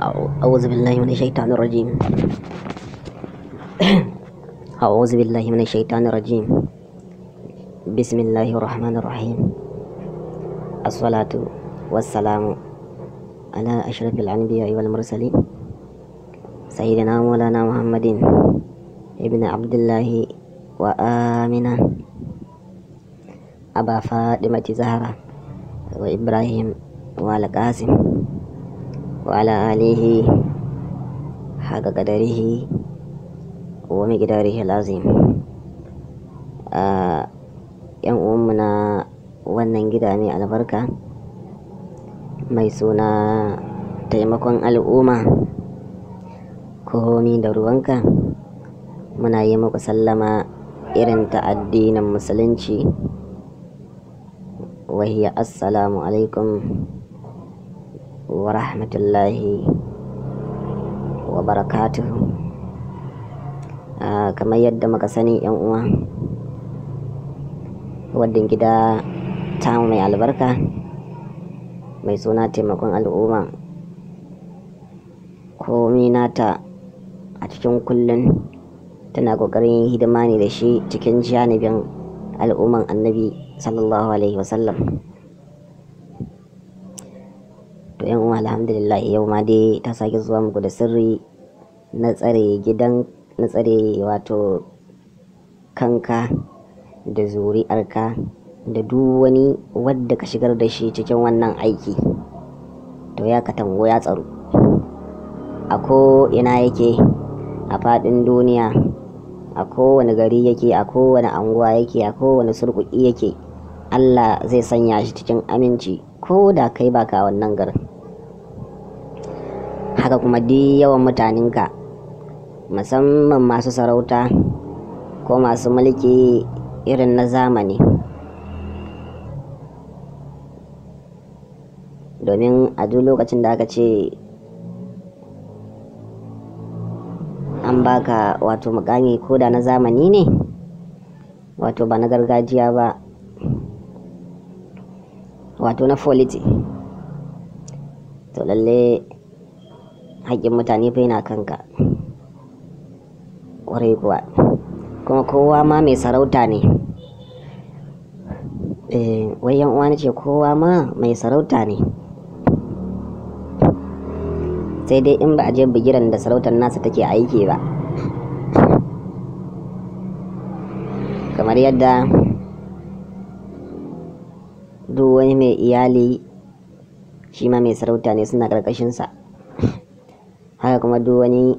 أعوذ بالله من الشيطان الرجيم أعوذ بالله من الشيطان الرجيم بسم الله الرحمن الرحيم الصلاة والسلام على أشرف الأنبياء والمرسلين سيدنا مولانا محمد ابن عبد الله وآمنة أبا فاطمة زهرة وإبراهيم والقاسم وعلى آله حق قدره ومقداره العظيم yan uwanmu na wannan gida mai albarka mai suna taimakon al'umma komi da ruwanka muna yi muku sallama irin ta addinin musulunci wahiya assalamu alaikum ورحمة الله a kamar yadda muka sani yan uwa wadda gida ta mai albarka mai suna taimakon al'umma komi nata a cikin kullum tana ƙoƙarin hidima ne da shi cikin janibin al'umman annabi sallallahu alaihi wasallam alhamdulillah yau ma dai ta sake zuwa muku da sirri na tsare gidan na tsare wato kanka da zuri'arka da duk wani wadda ka shigar da shi cikin wannan aiki to ya katango ya tsaro a ko ina yake a faɗin duniya a kowane gari yake a kowane anguwa yake a kowane surkuki yake allah zai sanya shi cikin aminci ko da kai baka wannan garin haka kuma di yawan mutaninka musamman masu sarauta ko masu mulki irin na zamani domin a duk lokacin da aka ce an baka wato mukami ko da na zamani ne wato ba na gargajiya ba wato na foliti to lalle haƙƙin mutane fa yana kanka ƙwarai kuwa kuma kowa ma mai sarauta ne eh, wai yan uwa ce kowa ma mai sarauta ne sai dai in ba a je bigiran da sarautar nasa take aiki ba kamar yadda duk wani mai iyali shi ma mai sarauta ne suna ƙarƙashinsa kuma duk wani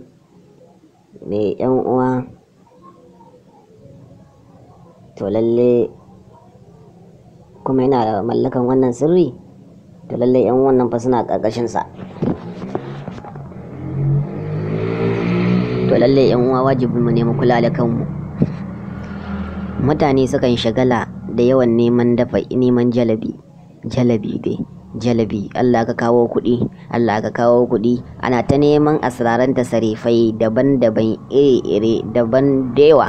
mai yan uwa to lalle kuma yana da mallakan wannan sirri to lalle yan wannan fa suna ƙarƙashin sa to lalle yan uwa wajibin mu ne mu kula da kanmu mutane sukan shagala da yawan neman dafa neman jalabi jalabi dai jalabi Allah ka kawo kuɗi Allah ka kawo kuɗi ana ta neman asraran tasarifai daban-daban iri-iri daban dewa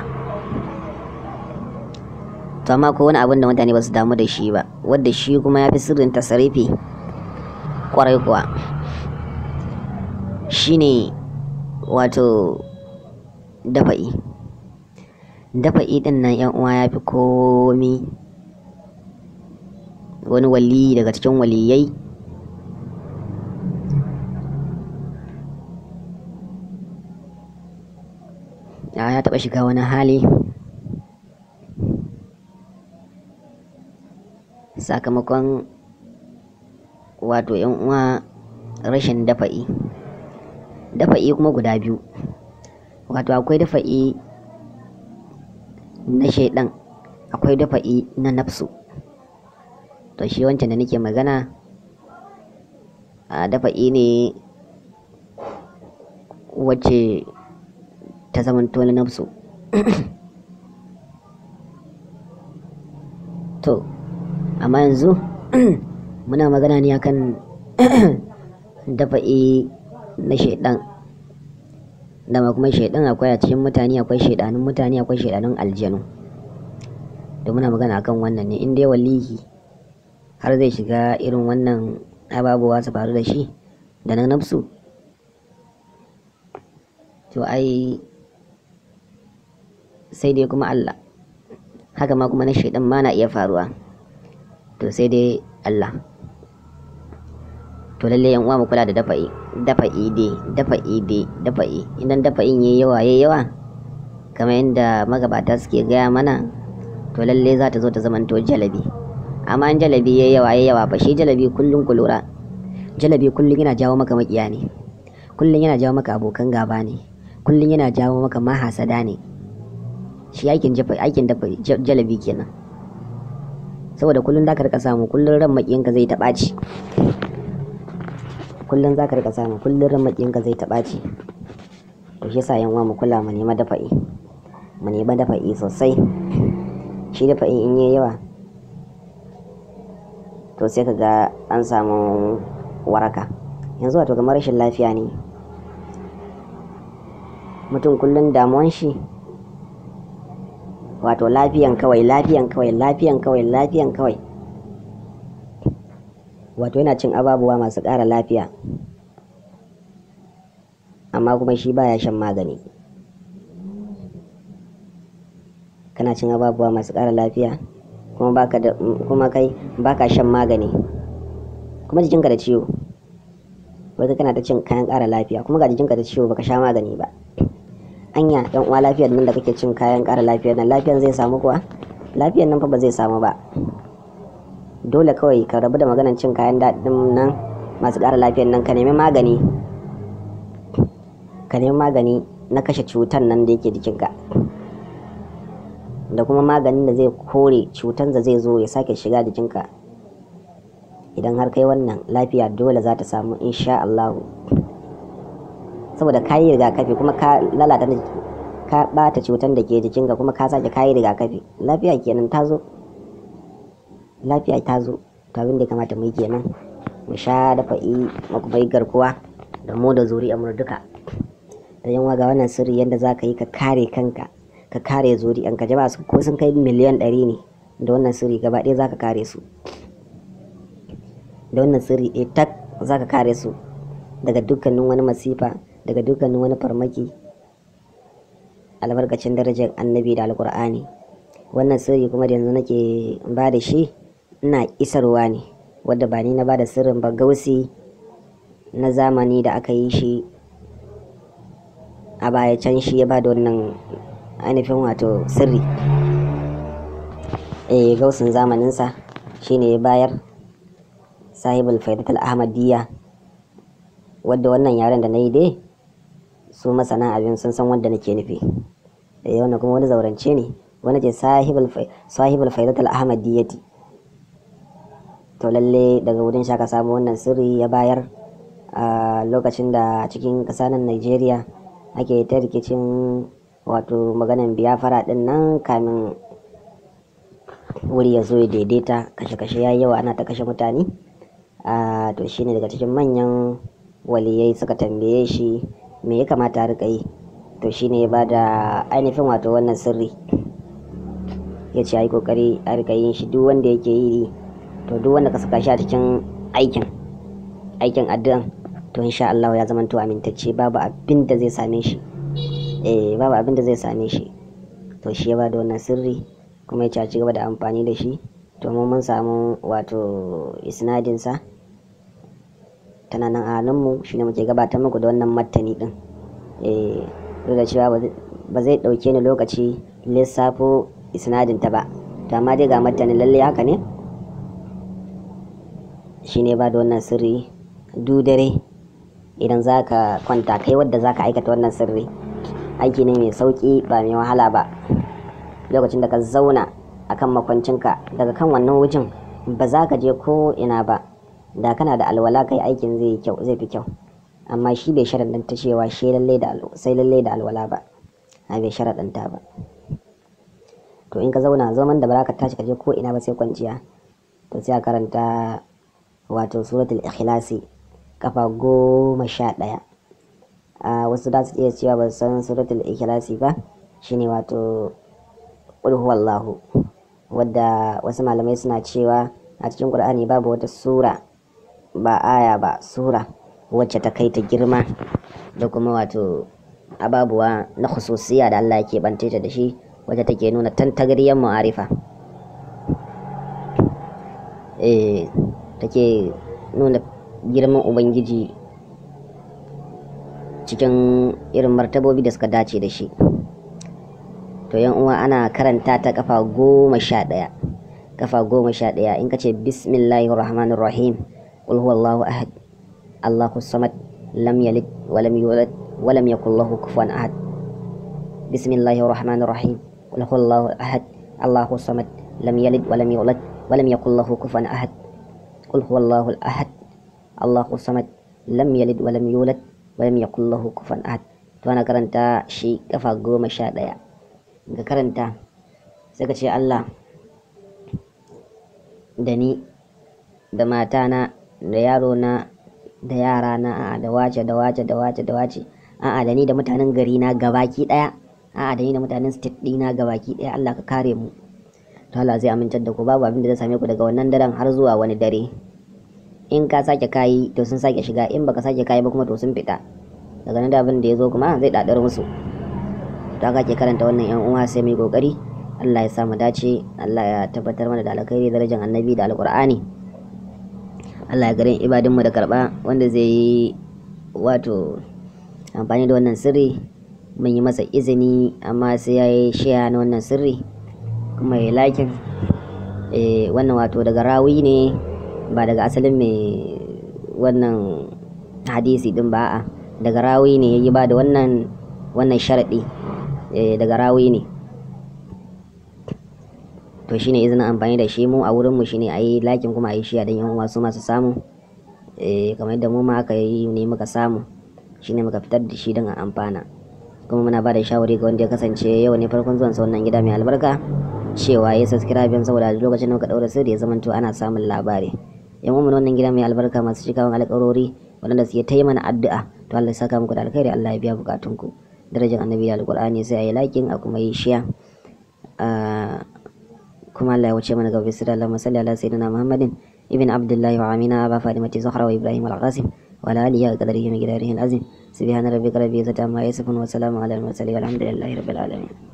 to amma ko wani abin da mutane ba su damu da shi ba wadda shi kuma ya fi sirrin tasarifi kwarai kuwa shine wato dafa'i dafa'i din nan uwa ya fi komi wani wali daga cikin waliyai ya taɓa shiga wani hali sakamakon wato yan uwa rashin dafa'i dafa'i kuma guda biyu wato akwai dafa'i na shaidan akwai dafa'i na nafsu to shi wancan da nake magana a dafa ne wacce ta tole na su to amma yanzu muna magana ne akan dafa'i na shaidan dama kuma shaidan akwai a cikin mutane akwai shaidanun mutane akwai shaidanun aljanu da muna magana akan wannan ne inda yawan lihi har zai shiga irin wannan ababuwa su faru da shi da na nafsu to ai sai dai kuma Allah haka ma kuma na shaidan ma na iya faruwa to sai dai Allah to lalle yan uwa mu kula da dafa'i dafa'i dai dafa'i dai dafa'i idan dafa'in yayi yawa yayi yawa kamar yadda magabata suke gaya mana to lalle za ta zo ta zamanto jalabi amma in jalabi yayi yawa yayi yawa ba shi jalabi kullum ku lura jalabi kullum yana jawo maka makiya ne kullum yana jawo maka abokan gaba ne kullum yana jawo maka mahasada ne shi aikin jafa aikin dafa jalabi kenan saboda kullum zaka rika samu kullum ran makiyanka zai ta ɓaci kullum zaka rika samu kullum ran makiyanka zai ta ci to shi yasa yanwa mu kula mu nema dafa'i mu nema dafa'i sosai shi dafa'i in yayi yawa to sai ka ga an samu waraka yanzu wato kamar rashin lafiya ne mutum kullum damuwan shi wato lafiyan kawai lafiyan kawai lafiyan kawai lafiyan kawai wato yana cin ababuwa masu ƙara lafiya amma kuma shi baya shan magani kana cin ababuwa masu ƙara lafiya kuma baka da kuma kai baka shan magani kuma jikinka da ciwo wai kana ta cin kayan ƙara lafiya kuma ga jikinka da ciwo baka sha magani ba anya yan uwa lafiyar nan da kake cin kayan ƙara lafiya nan lafiyar zai samu kuwa lafiyar nan fa ba zai samu ba dole kawai ka rabu da maganan cin kayan daɗin nan masu ƙara lafiyar nan ka nemi magani ka nemi magani na kashe cutar nan da yake jikinka da kuma maganin da zai kore cutan da zai zo ya sake shiga jikinka idan har kai wannan lafiya dole za ta samu insha Allah saboda yi rigakafi kuma ka lalata ka bata cutar da ke jikinka kuma ka sake kayi rigakafi lafiya kenan ta zo lafiya ta zo ta kamata mu yi kenan mu sha da fa'i makubai garkuwa da mu da zuri'a mu duka da yawa ga wannan sirri yadda za ka yi ka kare kanka ka kare zuri'anka jama'a su ko sun kai miliyan ɗari ne da wannan sirri gaba ɗaya za ka kare su da wannan sirri ɗaya tak za ka kare su daga dukkanin wani masifa daga dukkanin wani farmaki albarkacin darajar annabi da alkur'ani wannan sirri kuma da yanzu nake ba da shi ina isarwa ne wadda ba ni na ba da sirrin ba gausi na zamani da aka yi shi a baya can shi ya ba da wannan ainihin wato sirri e gausin zamaninsa shine ya bayar sahibul faidatul ahmadiyya wadda wannan yaren da na yi dai su masana abin sun san wanda nake nufi da eh, yau kuma wani zaurance ne wani ce sahibul faidatul ahmadiyyati to lalle daga wurin shaka samu wannan sirri ya bayar a lokacin da cikin ƙasa nan Najeriya ake ta rikicin wato maganan biyafara din nan kamin wuri ya zo ya daidaita kashe-kashe ya yawa ana ta kashe mutane a to shine daga cikin manyan waliyai suka tambaye shi me ya kamata a rika yi to shine ya bada ainihin wato wannan sirri ya ce a yi kokari a rika yin shi duk wanda yake yi to duk wanda ka saka shi a cikin aikin aikin addu'an to insha Allah ya zama zamanto amintacce babu abin da zai same shi eh babu abin da zai same shi to shi ya bada wannan sirri kuma ya ci gaba da amfani da shi to mu mun samu wato isnadin sa tana nan a hannunmu shine muke gabatar muku da wannan martani din eh duk da cewa ba zai dauke ni lokaci lissafo isnadin ta ba to amma dai ga martani lalle haka ne shine ba da wannan sirri du dare idan za ka kwanta kai wadda za ka aikata wannan sirri aiki ne mai sauki ba mai wahala ba lokacin da ka zauna a kan makwancinka daga kan wannan wujin ba za ka je ko ina ba da kana da alwala kai aikin zai kyau zai fi kyau amma shi bai sharaɗanta cewa shi da sai lallai da alwala ba a bai sharaɗanta ba to in ka zauna zaman da ba ka tashi ka je ko ina ba sai kwanciya to sai a karanta wato suratul ikhlasi kafa goma sha ɗaya Ah, wasu da su iya cewa ba san suratul ikhlasi ba shine wato qul huwallahu wadda wasu malamai suna cewa a cikin qur'ani babu wata sura ba aya ba sura wacce ta kai ta girma da kuma wato ababuwa na khususiya da Allah yake bante ta da shi wacce take nuna tantagariyar mu'arifa eh take nuna girman ubangiji cikin irin martabobi da suka dace da shi to yan uwa ana karanta ta kafa goma sha ɗaya kafa goma sha ɗaya in ka ce bismillahi rahmanir rahim qul huwallahu ahad allahu samad lam yalid wa lam yulad wa lam yakul lahu kufuwan ahad bismillahi rahmanir rahim qul huwallahu ahad allahu samad lam yalid wa lam yulad wa lam yakul lahu kufuwan ahad qul huwallahu ahad allahu samad lam yalid wa lam yulad walam yakul lahu kufuwan ahad to ana karanta shi kafa goma sha ɗaya ga karanta sai ka ce Allah da ni da matana da yaro na da yara na a'a da wace da wace da wace da wace a'a da ni da mutanen gari na gabaki ɗaya a'a da ni da mutanen state ɗina gabaki ɗaya Allah ka kare mu to Allah zai amince da ku babu abin da zai same ku daga wannan daren har zuwa wani dare in ka sake kayi to sun sake shiga in baka sake kayi ba kuma to sun fita daga nan da abin da ya zo kuma zai dadar musu to haka ke karanta wannan yan uwa sai mai kokari Allah ya sa mu dace Allah ya tabbatar mana da alkhairi darajar annabi da alqur'ani Allah ya garin ibadin mu da karba wanda zai yi wato amfani da wannan sirri mun yi masa izini amma sai ya yi shiya na wannan sirri kuma ya lakin eh, wannan wato daga rawi ne ba daga asalin mai wannan hadisi din ba a daga rawi ne ya yi ba da wannan wannan sharaɗi eh, daga rawi ne to shine izinin amfani da shi mu a wurinmu mu a ayi lakin kuma yi shi a dan yan wasu masu samu eh, kamar yadda mu ma aka yi ne muka samu shine muka fitar da shi don a amfana kuma muna ba da shawari ga wanda ya kasance yau ne farkon zuwan wannan gida mai albarka cewa ya subscribe saboda lokacin da muka ɗaura sirri ya zamanto ana samun labari yan uwan wannan gida mai albarka masu wani alƙarori waɗanda suke ta yi mana addu'a to Allah saka muku da alkhairi Allah ya biya ku. darajar annabi da alƙur'ani sai a yi lakin a kuma yi shiya kuma Allah ya wuce mana gaba da Allah masalli ala sayyidina Muhammadin ibn Abdullahi wa Amina ba Fatimati Zahra wa Ibrahim al-Qasim wa ala aliya wa qadarihi min gidarihi al-azim subhana rabbika rabbil izzati amma yasifun wa salamun ala al-mursalin walhamdulillahi rabbil alamin